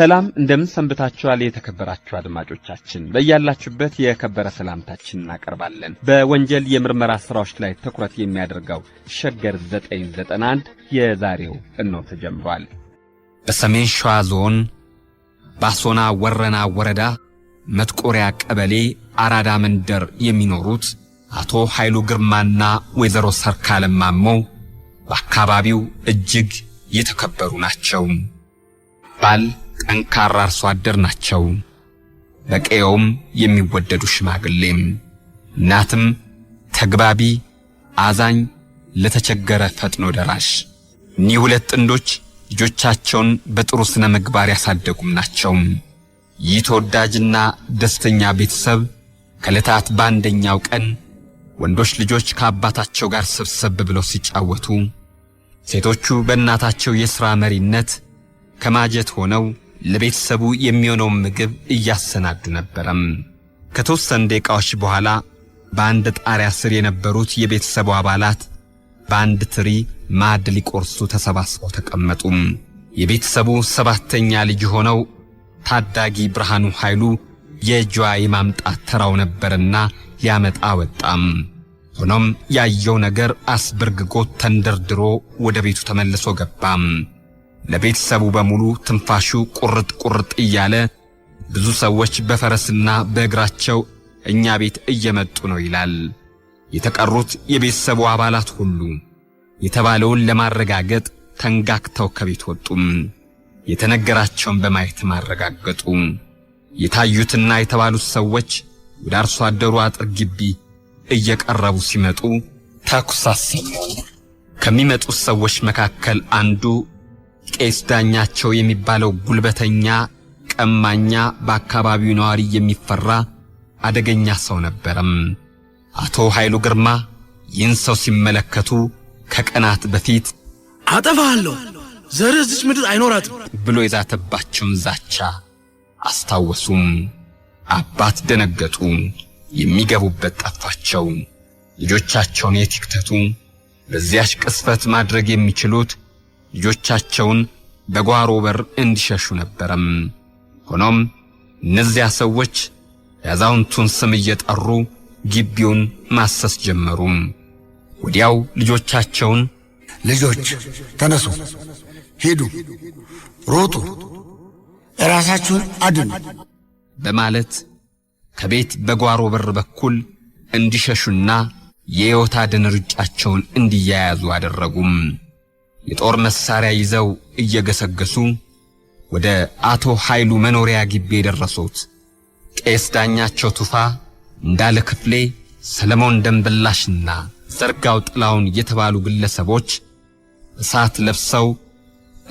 ሰላም እንደምን ሰንብታችኋል? የተከበራችሁ አድማጮቻችን በያላችሁበት የከበረ ሰላምታችን እናቀርባለን። በወንጀል የምርመራ ስራዎች ላይ ትኩረት የሚያደርገው ሸገር 991 የዛሬው እኖ ተጀምሯል። በሰሜን ሸዋ ዞን ባሶና ወረና ወረዳ መጥቆሪያ ቀበሌ አራዳ መንደር የሚኖሩት አቶ ኃይሉ ግርማና ወይዘሮ ሰርካለም ማሞ በአካባቢው እጅግ የተከበሩ ናቸው። ባል ጠንካራ አርሶ አደር ናቸው። በቀየውም የሚወደዱ ሽማግሌም፣ እናትም ተግባቢ፣ አዛኝ፣ ለተቸገረ ፈጥኖ ደራሽ። እኒህ ሁለት ጥንዶች ልጆቻቸውን በጥሩ ስነ ምግባር ያሳደጉም ናቸው። ይህ ተወዳጅና ደስተኛ ቤተሰብ ከለታት በአንደኛው ቀን ወንዶች ልጆች ከአባታቸው ጋር ሰብሰብ ብለው ሲጫወቱ፣ ሴቶቹ በእናታቸው የሥራ መሪነት ከማጀት ሆነው ለቤተሰቡ የሚሆነውን ምግብ እያሰናዱ ነበረም። ከተወሰኑ ደቂቃዎች በኋላ በአንድ ጣሪያ ስር የነበሩት የቤተሰቡ አባላት በአንድ ትሪ ማዕድ ሊቆርሱ ተሰባስበው ተቀመጡም። የቤተሰቡ ሰባተኛ ልጅ ሆነው ታዳጊ ብርሃኑ ኃይሉ የእጇ የማምጣት ተራው ነበርና ሊያመጣ ወጣም። ሆኖም ያየው ነገር አስበርግጎት ተንደርድሮ ወደ ቤቱ ተመልሶ ገባም። ለቤተሰቡ በሙሉ ትንፋሹ ቁርጥ ቁርጥ እያለ ብዙ ሰዎች በፈረስና በእግራቸው እኛ ቤት እየመጡ ነው ይላል። የተቀሩት የቤተሰቡ አባላት ሁሉ የተባለውን ለማረጋገጥ ተንጋክተው ከቤት ወጡም። የተነገራቸውን በማየት ማረጋገጡ። የታዩትና የተባሉት ሰዎች ወደ አርሶ አደሩ አጥር ግቢ እየቀረቡ ሲመጡ ተኩስ አሰሙ። ከሚመጡት ሰዎች መካከል አንዱ ቄስ ዳኛቸው የሚባለው ጉልበተኛ ቀማኛ፣ በአካባቢው ነዋሪ የሚፈራ አደገኛ ሰው ነበረም። አቶ ኃይሉ ግርማ ይህን ሰው ሲመለከቱ ከቀናት በፊት አጠፋለሁ፣ ዘርህ እዚች ምድር አይኖራትም ብሎ የዛተባቸውን ዛቻ አስታወሱም። አባት ደነገጡ። የሚገቡበት ጠፋቸው። ልጆቻቸውን የት ይክተቱ? በዚያች ቅስፈት ማድረግ የሚችሉት ልጆቻቸውን በጓሮ በር እንዲሸሹ ነበረም። ሆኖም እነዚያ ሰዎች የአዛውንቱን ስም እየጠሩ ግቢውን ማሰስ ጀመሩ። ወዲያው ልጆቻቸውን ልጆች ተነሱ፣ ሂዱ፣ ሮጡ፣ ራሳችሁን አድኑ በማለት ከቤት በጓሮ በር በኩል እንዲሸሹና የሕይወት አድን ሩጫቸውን እንዲያያዙ አደረጉም። የጦር መሳሪያ ይዘው እየገሰገሱ ወደ አቶ ኃይሉ መኖሪያ ግቢ የደረሱት ቄስ ዳኛቸው ቱፋ፣ እንዳለ ክፍሌ፣ ሰለሞን ደንበላሽና ዘርጋው ጥላውን የተባሉ ግለሰቦች እሳት ለብሰው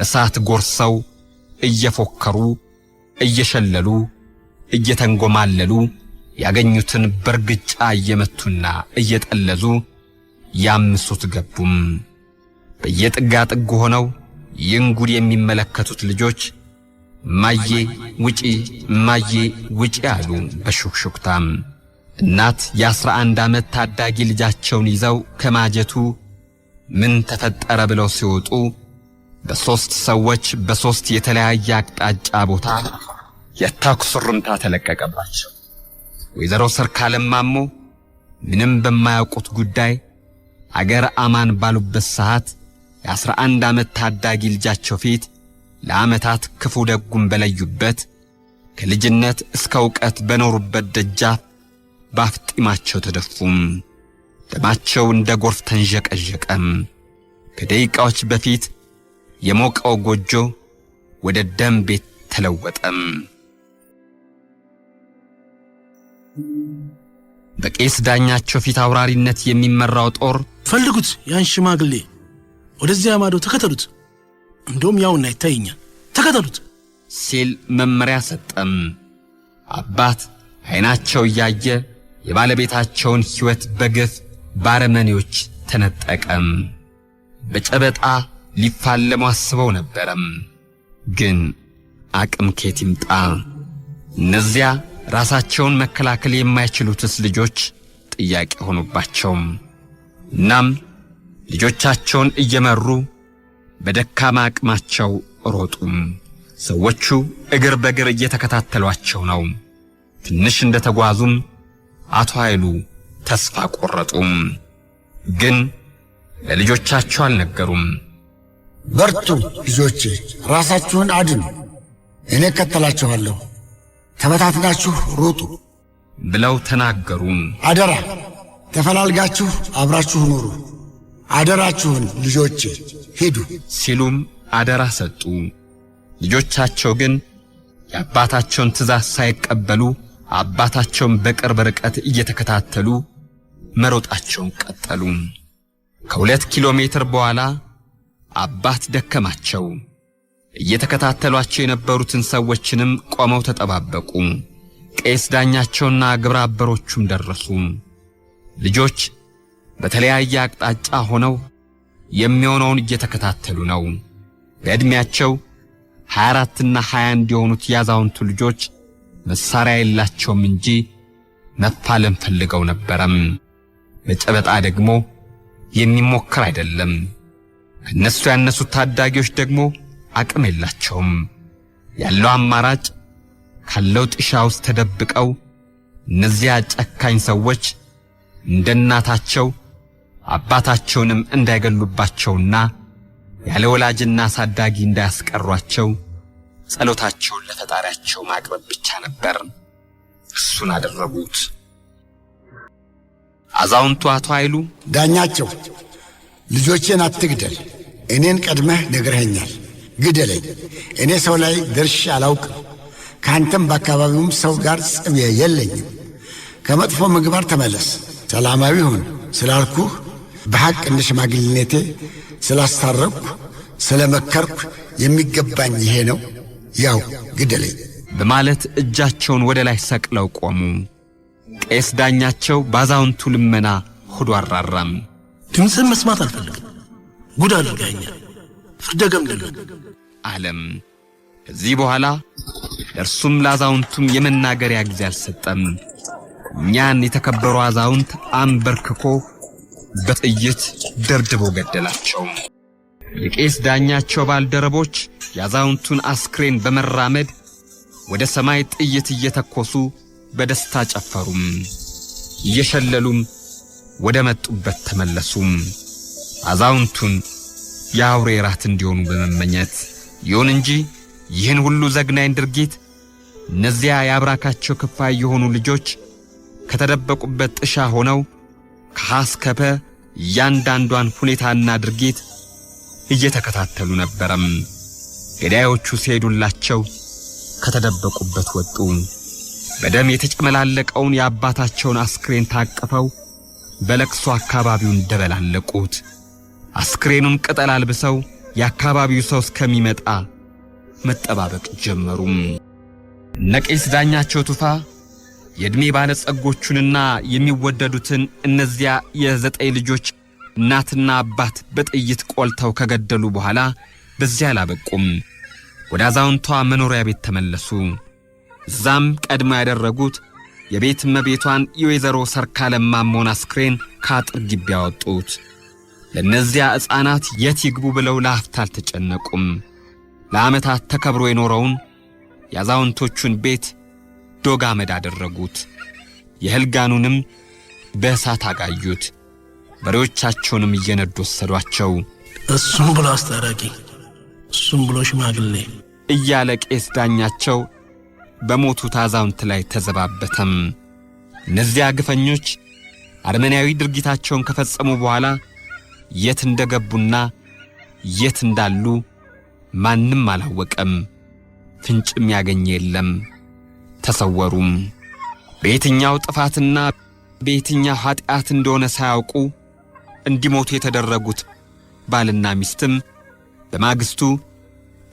እሳት ጎርሰው እየፎከሩ እየሸለሉ እየተንጎማለሉ ያገኙትን በርግጫ እየመቱና እየጠለዙ ያምሱት ገቡም። በየጥጋ ጥግ ሆነው ይንጉድ የሚመለከቱት ልጆች ማዬ ውጪ፣ ማዬ ውጪ አሉ በሹክሹክታም። እናት የአስራ አንድ ዓመት ታዳጊ ልጃቸውን ይዘው ከማጀቱ ምን ተፈጠረ ብለው ሲወጡ በሦስት ሰዎች በሦስት የተለያየ አቅጣጫ ቦታ የተኩስ ርምታ ተለቀቀባቸው። ወይዘሮ ሰርካለም ማሞ ምንም በማያውቁት ጉዳይ አገር አማን ባሉበት ሰዓት የአስራ አንድ ዓመት ታዳጊ ልጃቸው ፊት ለዓመታት ክፉ ደጉን በለዩበት ከልጅነት እስከ ዕውቀት በኖሩበት ደጃፍ ባፍጢማቸው ተደፉም። ደማቸው እንደ ጎርፍ ተንዠቀዠቀም። ከደቂቃዎች በፊት የሞቀው ጎጆ ወደ ደም ቤት ተለወጠም። በቄስ ዳኛቸው ፊት አውራሪነት የሚመራው ጦር ፈልጉት ያን ሽማግሌ ወደዚያ ማዶ ተከተሉት፣ እንደውም ያውና ይታየኛል፣ ተከተሉት ሲል መመሪያ ሰጠም። አባት አይናቸው እያየ የባለቤታቸውን ሕይወት በግፍ ባረመኔዎች ተነጠቀም። በጨበጣ ሊፋለሙ አስበው ነበረም፣ ግን አቅም ኬት ይምጣ? እነዚያ ራሳቸውን መከላከል የማይችሉትስ ልጆች ጥያቄ ሆኑባቸውም። እናም ልጆቻቸውን እየመሩ በደካማ አቅማቸው ሮጡም። ሰዎቹ እግር በእግር እየተከታተሏቸው ነው። ትንሽ እንደተጓዙም አቶ ኃይሉ ተስፋ ቆረጡም። ግን ለልጆቻቸው አልነገሩም። በርቱ ልጆቼ፣ ራሳችሁን አድኑ፣ እኔ እከተላችኋለሁ፣ ተበታትናችሁ ሮጡ ብለው ተናገሩም አደራ ተፈላልጋችሁ አብራችሁ ኑሩ። አደራችሁን ልጆች ሂዱ ሲሉም አደራ ሰጡ። ልጆቻቸው ግን የአባታቸውን ትእዛዝ ሳይቀበሉ አባታቸውን በቅርብ ርቀት እየተከታተሉ መሮጣቸውን ቀጠሉ። ከሁለት ኪሎ ሜትር በኋላ አባት ደከማቸው። እየተከታተሏቸው የነበሩትን ሰዎችንም ቆመው ተጠባበቁ። ቄስ ዳኛቸውና ግብረ አበሮቹም ደረሱ። ልጆች በተለያየ አቅጣጫ ሆነው የሚሆነውን እየተከታተሉ ነው። በዕድሜያቸው 24 እና 21 የሆኑት የአዛውንቱ ልጆች መሳሪያ የላቸውም እንጂ መፋለም ፈልገው ነበረም። በጨበጣ ደግሞ የሚሞክር አይደለም። እነሱ ያነሱት ታዳጊዎች ደግሞ አቅም የላቸውም። ያለው አማራጭ ካለው ጥሻ ውስጥ ተደብቀው እነዚያ ጨካኝ ሰዎች እንደ እናታቸው አባታቸውንም እንዳይገሉባቸውና ያለ ወላጅና አሳዳጊ እንዳያስቀሯቸው ጸሎታቸውን ለፈጣሪያቸው ማቅረብ ብቻ ነበር። እሱን አደረጉት። አዛውንቱ አቶ ኃይሉ ዳኛቸው ልጆቼን አትግደል፣ እኔን ቀድመህ ነግረኸኛል፣ ግደለኝ። እኔ ሰው ላይ ደርሼ አላውቅም። ከአንተም በአካባቢውም ሰው ጋር ጽብ የለኝም። ከመጥፎ ምግባር ተመለስ፣ ሰላማዊ ሁን ስላልኩህ በሐቅ እንደ ሽማግሌነቴ ስላስታረቅኩ ስለ መከርኩ የሚገባኝ ይሄ ነው፣ ያው ግደለኝ በማለት እጃቸውን ወደ ላይ ሰቅለው ቆሙ። ቄስ ዳኛቸው ባዛውንቱ ልመና ሆዱ አራራም። ድምፅን መስማት አልፈልግም፣ ጉድ አድርገኸኛል፣ ፍርደገም አለም። ከዚህ በኋላ እርሱም ለአዛውንቱም የመናገሪያ ጊዜ አልሰጠም። እኛን የተከበሩ አዛውንት አንበርክኮ በጥይት ደብድቦ ገደላቸው። የቄስ ዳኛቸው ባልደረቦች የአዛውንቱን አስክሬን በመራመድ ወደ ሰማይ ጥይት እየተኮሱ በደስታ ጨፈሩም፣ እየሸለሉም ወደ መጡበት ተመለሱም። አዛውንቱን የአውሬ ራት እንዲሆኑ በመመኘት ይሁን እንጂ ይህን ሁሉ ዘግናኝ ድርጊት እነዚያ የአብራካቸው ክፋይ የሆኑ ልጆች ከተደበቁበት ጥሻ ሆነው ከሐስከፐ እያንዳንዷን ሁኔታና ድርጊት እየተከታተሉ ነበረም። ገዳዮቹ ሲሄዱላቸው ከተደበቁበት ወጡ። በደም የተጨመላለቀውን የአባታቸውን አስክሬን ታቅፈው በለቅሶ አካባቢውን ደበላለቁት። አስክሬኑን ቅጠል አልብሰው የአካባቢው ሰው እስከሚመጣ መጠባበቅ ጀመሩም። እነ ቄስ ዳኛቸው ቱፋ የዕድሜ ባለጸጎቹንና የሚወደዱትን እነዚያ የዘጠኝ ልጆች እናትና አባት በጥይት ቆልተው ከገደሉ በኋላ በዚያ አላበቁም። ወደ አዛውንቷ መኖሪያ ቤት ተመለሱ። እዛም ቀድሞ ያደረጉት የቤት እመቤቷን የወይዘሮ ሰርካለም ማሞን አስክሬን ከአጥር ግቢ ያወጡት። ለእነዚያ ሕፃናት የት ይግቡ ብለው ለአፍታ አልተጨነቁም። ለዓመታት ተከብሮ የኖረውን የአዛውንቶቹን ቤት ዶግ አመድ አደረጉት፣ የሕልጋኑንም በእሳት አጋዩት። በሬዎቻቸውንም እየነዱ ወሰዷቸው። እሱም ብሎ አስታራቂ፣ እሱም ብሎ ሽማግሌ እያለ ቄስ ዳኛቸው በሞቱት አዛውንት ላይ ተዘባበተም። እነዚያ ግፈኞች አርመናዊ ድርጊታቸውን ከፈጸሙ በኋላ የት እንደገቡና የት እንዳሉ ማንም አላወቀም። ፍንጭም ያገኘ የለም። ተሰወሩ። በየትኛው ጥፋትና በየትኛው ኃጢአት እንደሆነ ሳያውቁ እንዲሞቱ የተደረጉት ባልና ሚስትም በማግስቱ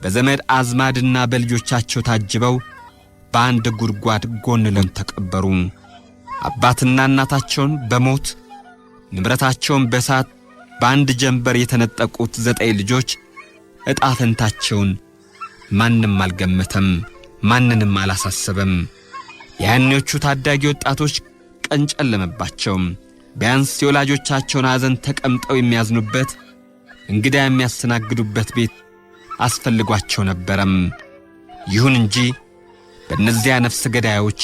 በዘመድ አዝማድና በልጆቻቸው ታጅበው በአንድ ጉድጓድ ጎን ለም ተቀበሩ። አባትና እናታቸውን በሞት ንብረታቸውን በእሳት በአንድ ጀንበር የተነጠቁት ዘጠኝ ልጆች ዕጣ ፈንታቸውን ማንም አልገመተም። ማንንም አላሳሰበም። ያኔዎቹ ታዳጊ ወጣቶች ቀን ጨለመባቸው። ቢያንስ የወላጆቻቸውን ሐዘን ተቀምጠው የሚያዝኑበት እንግዳ የሚያስተናግዱበት ቤት አስፈልጓቸው ነበረም። ይሁን እንጂ በእነዚያ ነፍስ ገዳዮች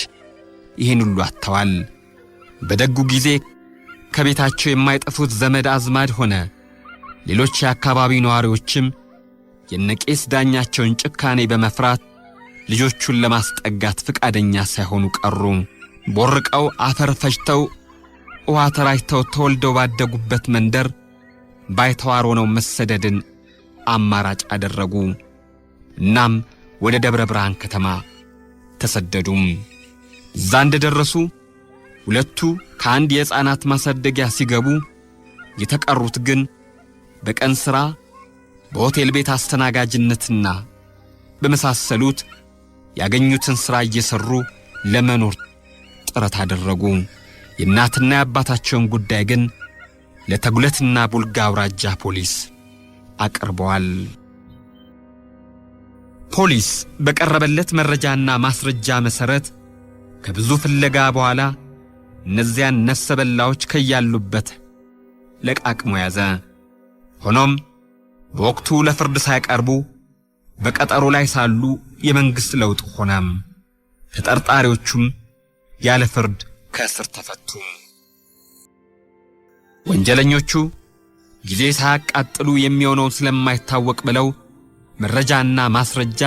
ይህን ሁሉ አጥተዋል። በደጉ ጊዜ ከቤታቸው የማይጠፉት ዘመድ አዝማድ ሆነ ሌሎች የአካባቢው ነዋሪዎችም የነቄስ ዳኛቸውን ጭካኔ በመፍራት ልጆቹን ለማስጠጋት ፍቃደኛ ሳይሆኑ ቀሩ። ቦርቀው አፈር ፈጅተው ውሃ ተራጭተው ተወልደው ባደጉበት መንደር ባይተዋር ሆነው መሰደድን አማራጭ አደረጉ። እናም ወደ ደብረ ብርሃን ከተማ ተሰደዱም። እዛ እንደደረሱ ሁለቱ ከአንድ የሕፃናት ማሳደጊያ ሲገቡ፣ የተቀሩት ግን በቀን ሥራ፣ በሆቴል ቤት አስተናጋጅነትና በመሳሰሉት ያገኙትን ሥራ እየሠሩ ለመኖር ጥረት አደረጉ። የእናትና የአባታቸውን ጉዳይ ግን ለተጉለትና ቡልጋ አውራጃ ፖሊስ አቅርበዋል። ፖሊስ በቀረበለት መረጃና ማስረጃ መሠረት ከብዙ ፍለጋ በኋላ እነዚያን ነፍሰ በላዎች ከያሉበት ለቃቅሞ ያዘ። ሆኖም በወቅቱ ለፍርድ ሳይቀርቡ በቀጠሮ ላይ ሳሉ የመንግስት ለውጥ ሆነም፣ ተጠርጣሪዎቹም ያለ ፍርድ ከእስር ተፈቱ። ወንጀለኞቹ ጊዜ ሳያቃጥሉ የሚሆነውን ስለማይታወቅ ብለው መረጃና ማስረጃ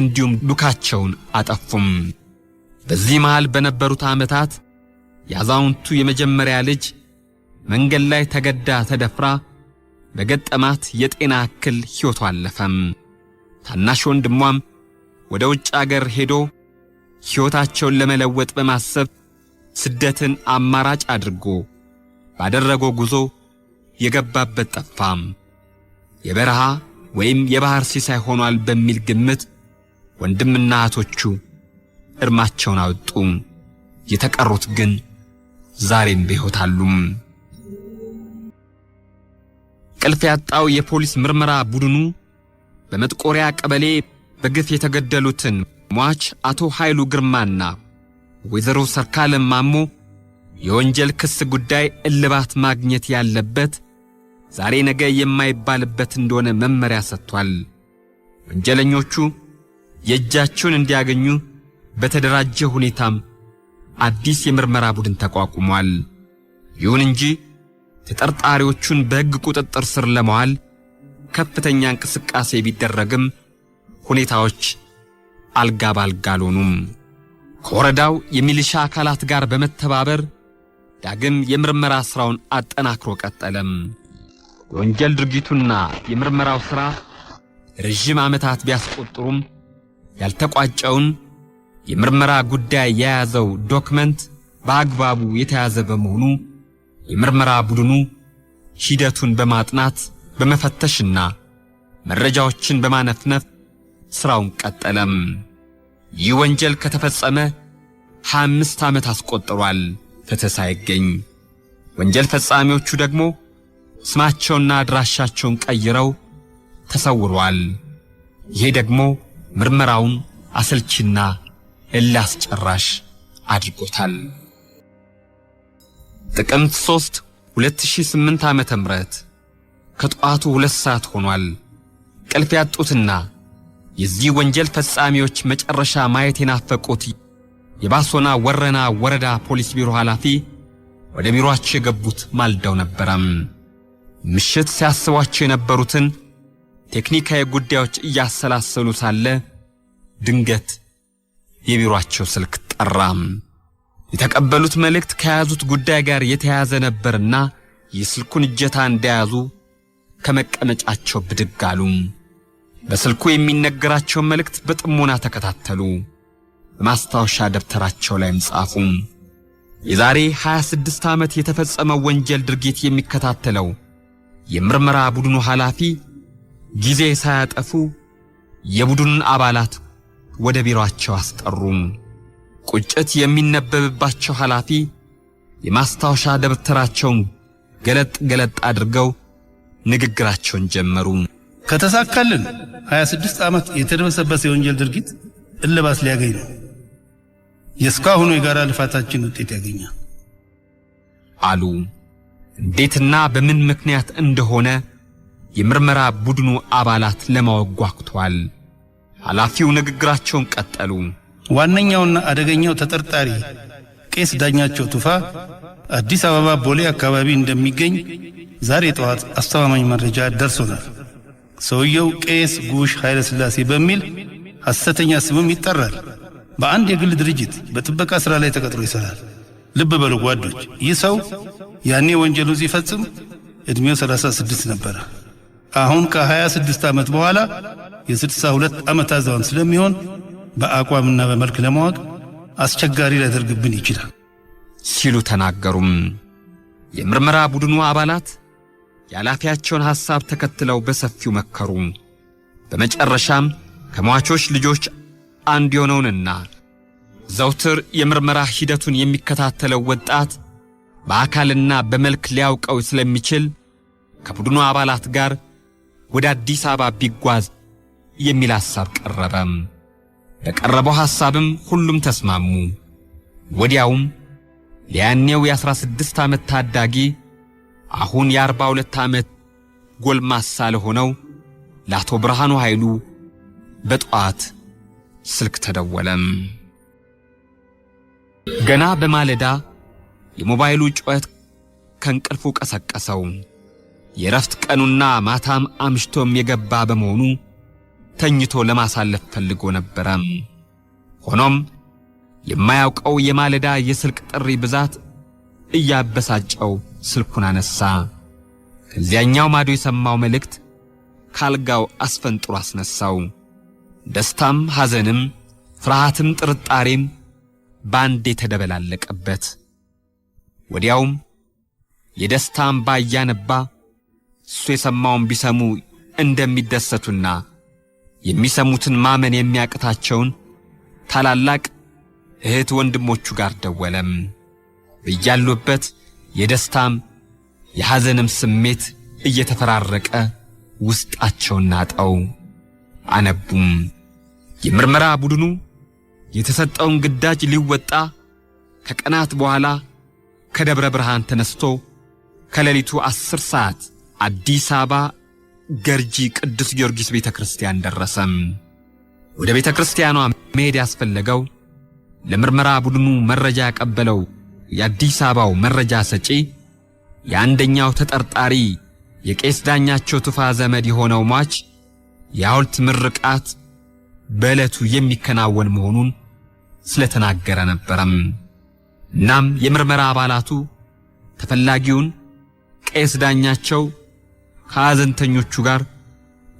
እንዲሁም ዱካቸውን አጠፉም። በዚህ መሃል በነበሩት ዓመታት የአዛውንቱ የመጀመሪያ ልጅ መንገድ ላይ ተገዳ ተደፍራ በገጠማት የጤና እክል ሕይወቷ አለፈም። ታናሽ ወንድሟም ወደ ውጭ አገር ሄዶ ሕይወታቸውን ለመለወጥ በማሰብ ስደትን አማራጭ አድርጎ ባደረገው ጉዞ የገባበት ጠፋም። የበረሃ ወይም የባህር ሲሳይ ሆኗል በሚል ግምት ወንድምና እህቶቹ እርማቸውን አወጡ። የተቀሩት ግን ዛሬም በሕይወት አሉም። ቅልፍ ያጣው የፖሊስ ምርመራ ቡድኑ በመጥቆሪያ ቀበሌ በግፍ የተገደሉትን ሟች አቶ ኃይሉ ግርማና ወይዘሮ ሰርካለም ማሞ የወንጀል ክስ ጉዳይ እልባት ማግኘት ያለበት ዛሬ ነገ የማይባልበት እንደሆነ መመሪያ ሰጥቷል። ወንጀለኞቹ የእጃቸውን እንዲያገኙ በተደራጀ ሁኔታም አዲስ የምርመራ ቡድን ተቋቁሟል። ይሁን እንጂ ተጠርጣሪዎቹን በሕግ ቁጥጥር ስር ለመዋል ከፍተኛ እንቅስቃሴ ቢደረግም ሁኔታዎች አልጋ ባልጋ አልሆኑም። ከወረዳው የሚሊሻ አካላት ጋር በመተባበር ዳግም የምርመራ ሥራውን አጠናክሮ ቀጠለም። የወንጀል ድርጊቱና የምርመራው ሥራ ረዥም ዓመታት ቢያስቆጥሩም ያልተቋጨውን የምርመራ ጉዳይ የያዘው ዶክመንት በአግባቡ የተያዘ በመሆኑ የምርመራ ቡድኑ ሂደቱን በማጥናት በመፈተሽና መረጃዎችን በማነፍነፍ ሥራውን ቀጠለም። ይህ ወንጀል ከተፈጸመ ሃያ አምስት ዓመት አስቆጥሯል፣ ፍትሕ ሳይገኝ። ወንጀል ፈጻሚዎቹ ደግሞ ስማቸውና አድራሻቸውን ቀይረው ተሰውሯል። ይሄ ደግሞ ምርመራውን አሰልቺና እልህ አስጨራሽ አድርጎታል። ጥቅምት 3 2008 ዓ.ም ከጠዋቱ ሁለት ሰዓት ሆኗል። ቅልፍ ያጡትና የዚህ ወንጀል ፈጻሚዎች መጨረሻ ማየት የናፈቁት የባሶና ወረና ወረዳ ፖሊስ ቢሮ ኃላፊ ወደ ቢሮአቸው የገቡት ማልደው ነበረም። ምሽት ሲያስቧቸው የነበሩትን ቴክኒካዊ ጉዳዮች እያሰላሰሉ ሳለ ድንገት የቢሮአቸው ስልክ ጠራም። የተቀበሉት መልእክት ከያዙት ጉዳይ ጋር የተያያዘ ነበርና የስልኩን እጀታ እንደያዙ ከመቀመጫቸው ብድግ አሉ። በስልኩ የሚነገራቸውን መልእክት በጥሞና ተከታተሉ። በማስታወሻ ደብተራቸው ላይም ጻፉ። የዛሬ 26 ዓመት የተፈጸመው ወንጀል ድርጊት የሚከታተለው የምርመራ ቡድኑ ኃላፊ ጊዜ ሳያጠፉ የቡድኑን አባላት ወደ ቢሮአቸው አስጠሩ። ቁጭት የሚነበብባቸው ኃላፊ የማስታወሻ ደብተራቸውን ገለጥ ገለጥ አድርገው ንግግራቸውን ጀመሩ። ከተሳካልን 26 ዓመት የተደበሰበሰ የወንጀል ድርጊት እልባት ሊያገኝ ነው። የእስካሁኑ የጋራ ልፋታችን ውጤት ያገኛል አሉ። እንዴትና በምን ምክንያት እንደሆነ የምርመራ ቡድኑ አባላት ለማወቅ ጓጉተዋል። ኃላፊው ንግግራቸውን ቀጠሉ። ዋነኛውና አደገኛው ተጠርጣሪ ቄስ ዳኛቸው ቱፋ አዲስ አበባ ቦሌ አካባቢ እንደሚገኝ ዛሬ ጠዋት አስተማማኝ መረጃ ደርሶናል። ሰውየው ቄስ ጉሽ ኃይለ ሥላሴ በሚል ሐሰተኛ ስምም ይጠራል። በአንድ የግል ድርጅት በጥበቃ ሥራ ላይ ተቀጥሮ ይሠራል። ልብ በሉ ጓዶች፣ ይህ ሰው ያኔ ወንጀሉን ሲፈጽም ዕድሜው 36 ነበረ። አሁን ከ26 ዓመት በኋላ የ62 ዓመት አዛውንት ስለሚሆን በአቋምና በመልክ ለማወቅ አስቸጋሪ ሊያደርግብን ይችላል። ሲሉ ተናገሩም። የምርመራ ቡድኑ አባላት የኃላፊያቸውን ሐሳብ ተከትለው በሰፊው መከሩ። በመጨረሻም ከሟቾች ልጆች አንዱ የሆነውንና ዘውትር የምርመራ ሂደቱን የሚከታተለው ወጣት በአካልና በመልክ ሊያውቀው ስለሚችል ከቡድኑ አባላት ጋር ወደ አዲስ አበባ ቢጓዝ የሚል ሐሳብ ቀረበ። በቀረበው ሐሳብም ሁሉም ተስማሙ። ወዲያውም ያኔው የ16 ዓመት ታዳጊ አሁን የ42 ዓመት ጎልማሳ ለሆነው ለአቶ ብርሃኑ ኃይሉ በጠዋት ስልክ ተደወለም። ገና በማለዳ የሞባይሉ ጩኸት ከእንቅልፉ ቀሰቀሰው። የእረፍት ቀኑና ማታም አምሽቶም የገባ በመሆኑ ተኝቶ ለማሳለፍ ፈልጎ ነበረ። ሆኖም የማያውቀው የማለዳ የስልክ ጥሪ ብዛት እያበሳጨው ስልኩን አነሳ። ከዚያኛው ማዶ የሰማው መልእክት ካልጋው አስፈንጥሮ አስነሳው። ደስታም ሐዘንም፣ ፍርሃትም ጥርጣሬም ባንዴ ተደበላለቀበት። ወዲያውም የደስታ እምባ እያነባ እሱ የሰማውን ቢሰሙ እንደሚደሰቱና የሚሰሙትን ማመን የሚያቅታቸውን ታላላቅ እህት ወንድሞቹ ጋር ደወለም። በያሉበት የደስታም የሐዘንም ስሜት እየተፈራረቀ ውስጣቸውን ናጠው። አነቡም። የምርመራ ቡድኑ የተሰጠውን ግዳጅ ሊወጣ ከቀናት በኋላ ከደብረ ብርሃን ተነስቶ ከሌሊቱ ዐሥር ሰዓት አዲስ አበባ ገርጂ ቅዱስ ጊዮርጊስ ቤተ ክርስቲያን ደረሰም። ወደ ቤተ ክርስቲያኗ መሄድ ያስፈለገው ለምርመራ ቡድኑ መረጃ ያቀበለው የአዲስ አበባው መረጃ ሰጪ የአንደኛው ተጠርጣሪ የቄስ ዳኛቸው ትፋ ዘመድ የሆነው ሟች የሐውልት ምርቃት በዕለቱ የሚከናወን መሆኑን ስለተናገረ ነበረም። እናም የምርመራ አባላቱ ተፈላጊውን ቄስ ዳኛቸው ከሐዘንተኞቹ ጋር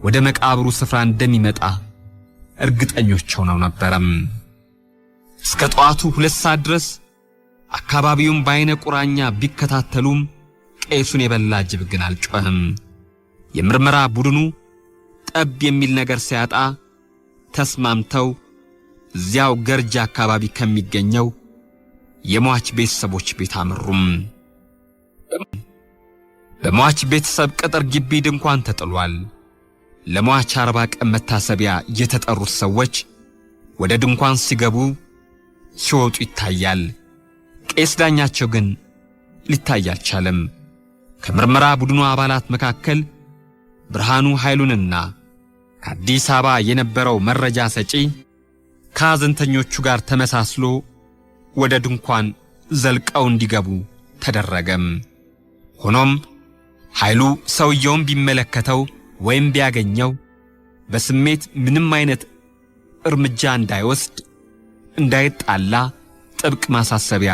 ወደ መቃብሩ ስፍራ እንደሚመጣ እርግጠኞች ሆነው ነበረም። እስከ ጠዋቱ ሁለት ሰዓት ድረስ አካባቢውን በአይነ ቁራኛ ቢከታተሉም ቄሱን የበላ ጅብ ግን አልጮህም። የምርመራ ቡድኑ ጠብ የሚል ነገር ሲያጣ ተስማምተው እዚያው ገርጃ አካባቢ ከሚገኘው የሟች ቤተሰቦች ቤት አመሩም። በሟች ቤተሰብ ቅጥር ግቢ ድንኳን ተጥሏል። ለሟች አርባ ቀን መታሰቢያ የተጠሩት ሰዎች ወደ ድንኳን ሲገቡ ሲወጡ ይታያል። ቄስ ዳኛቸው ግን ሊታይ አልቻለም። ከምርመራ ቡድኑ አባላት መካከል ብርሃኑ ኃይሉንና ከአዲስ አበባ የነበረው መረጃ ሰጪ ከሐዘንተኞቹ ጋር ተመሳስሎ ወደ ድንኳን ዘልቀው እንዲገቡ ተደረገም። ሆኖም ኃይሉ ሰውየውን ቢመለከተው ወይም ቢያገኘው በስሜት ምንም አይነት እርምጃ እንዳይወስድ እንዳይጣላ ጥብቅ ማሳሰቢያ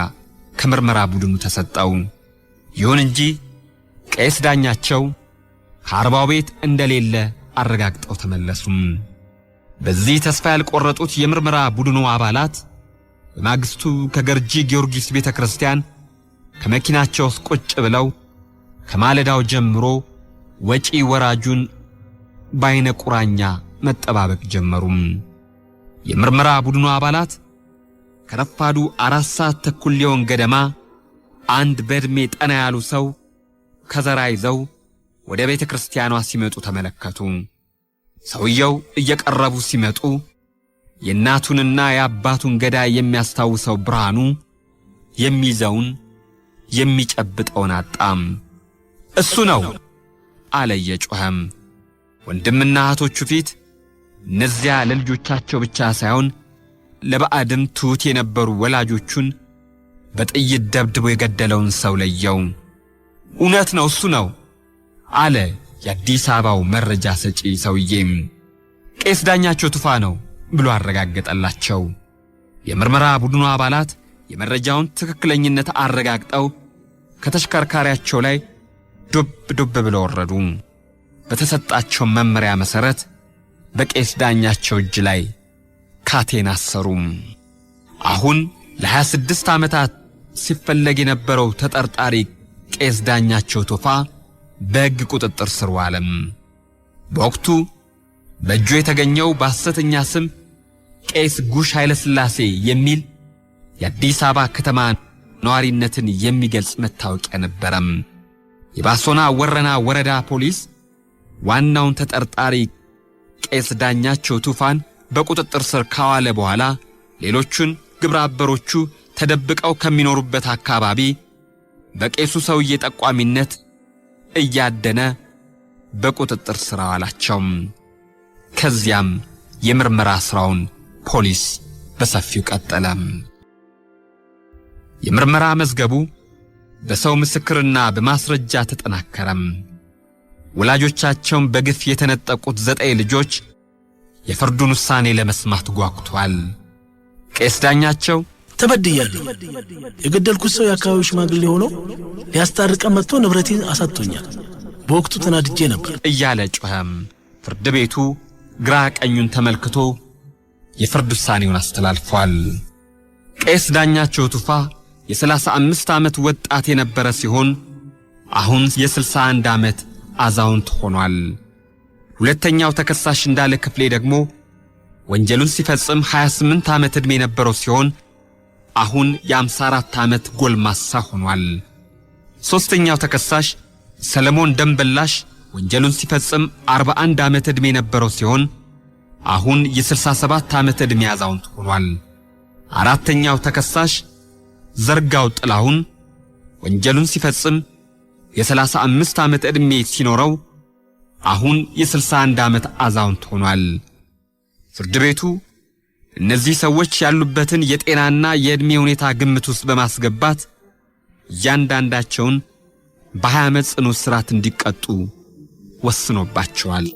ከምርመራ ቡድኑ ተሰጠው። ይሁን እንጂ ቄስ ዳኛቸው ከአርባው ቤት እንደሌለ አረጋግጠው ተመለሱም። በዚህ ተስፋ ያልቆረጡት የምርመራ ቡድኑ አባላት በማግስቱ ከገርጂ ጊዮርጊስ ቤተ ክርስቲያን ከመኪናቸው ውስጥ ቁጭ ብለው ከማለዳው ጀምሮ ወጪ ወራጁን ባይነ ቁራኛ መጠባበቅ ጀመሩም። የምርመራ ቡድኑ አባላት ከረፋዱ አራት ሰዓት ተኩል ሊሆን ገደማ አንድ በዕድሜ ጠና ያሉ ሰው ከዘራ ይዘው ወደ ቤተ ክርስቲያኗ ሲመጡ ተመለከቱ። ሰውየው እየቀረቡ ሲመጡ የእናቱንና የአባቱን ገዳይ የሚያስታውሰው ብርሃኑ የሚይዘውን የሚጨብጠውን አጣም። እሱ ነው አለ እየጮኸም። ወንድምና እህቶቹ ፊት እነዚያ ለልጆቻቸው ብቻ ሳይሆን ለባዕድም ትሑት የነበሩ ወላጆቹን በጥይት ደብድቦ የገደለውን ሰው ለየው። እውነት ነው እሱ ነው አለ የአዲስ አበባው መረጃ ሰጪ ሰውዬም። ቄስ ዳኛቸው ቱፋ ነው ብሎ አረጋገጠላቸው። የምርመራ ቡድኑ አባላት የመረጃውን ትክክለኝነት አረጋግጠው ከተሽከርካሪያቸው ላይ ዶብ ዶብ ብለው ወረዱ። በተሰጣቸው መመሪያ መሠረት በቄስ ዳኛቸው እጅ ላይ ካቴን አሰሩም። አሁን ለ26 ዓመታት ሲፈለግ የነበረው ተጠርጣሪ ቄስ ዳኛቸው ቶፋ በሕግ ቁጥጥር ስር ዋለም። በወቅቱ በእጁ የተገኘው በሐሰተኛ ስም ቄስ ጉሽ ኃይለሥላሴ የሚል የአዲስ አበባ ከተማ ነዋሪነትን የሚገልጽ መታወቂያ ነበረም። የባሶና ወረና ወረዳ ፖሊስ ዋናውን ተጠርጣሪ ቄስ ዳኛቸው ቱፋን በቁጥጥር ስር ካዋለ በኋላ ሌሎቹን ግብረ አበሮቹ ተደብቀው ከሚኖሩበት አካባቢ በቄሱ ሰውዬ ጠቋሚነት እያደነ በቁጥጥር ስር አዋላቸው። ከዚያም የምርመራ ስራውን ፖሊስ በሰፊው ቀጠለ። የምርመራ መዝገቡ በሰው ምስክርና በማስረጃ ተጠናከረም። ወላጆቻቸውን በግፍ የተነጠቁት ዘጠኝ ልጆች የፍርዱን ውሳኔ ለመስማት ጓጉቷል። ቄስ ዳኛቸው ተበድያለሁ፣ የገደልኩት ሰው የአካባቢው ሽማግሌ ሆኖ ሊያስታርቀ መጥቶ ንብረቴን አሳጥቶኛል፣ በወቅቱ ተናድጄ ነበር እያለ ጮኸም። ፍርድ ቤቱ ግራ ቀኙን ተመልክቶ የፍርድ ውሳኔውን አስተላልፏል። ቄስ ዳኛቸው ቱፋ የሰላሳ አምስት ዓመት ወጣት የነበረ ሲሆን አሁን የስልሳ አንድ ዓመት አዛውንት ሆኗል። ሁለተኛው ተከሳሽ እንዳለ ክፍሌ ደግሞ ወንጀሉን ሲፈጽም 28 ዓመት ዕድሜ የነበረው ሲሆን አሁን የ54 ዓመት ጎልማሳ ሆኗል። ሦስተኛው ተከሳሽ ሰለሞን ደንበላሽ ወንጀሉን ሲፈጽም 41 ዓመት ዕድሜ የነበረው ሲሆን አሁን የ67 ዓመት ዕድሜ አዛውንት ሆኗል። አራተኛው ተከሳሽ ዘርጋው ጥላሁን ወንጀሉን ሲፈጽም የ35 ዓመት ዕድሜ ሲኖረው አሁን የ61 ዓመት አዛውንት ሆኗል። ፍርድ ቤቱ እነዚህ ሰዎች ያሉበትን የጤናና የዕድሜ ሁኔታ ግምት ውስጥ በማስገባት እያንዳንዳቸውን በ20 ዓመት ጽኑ እስራት እንዲቀጡ ወስኖባቸዋል።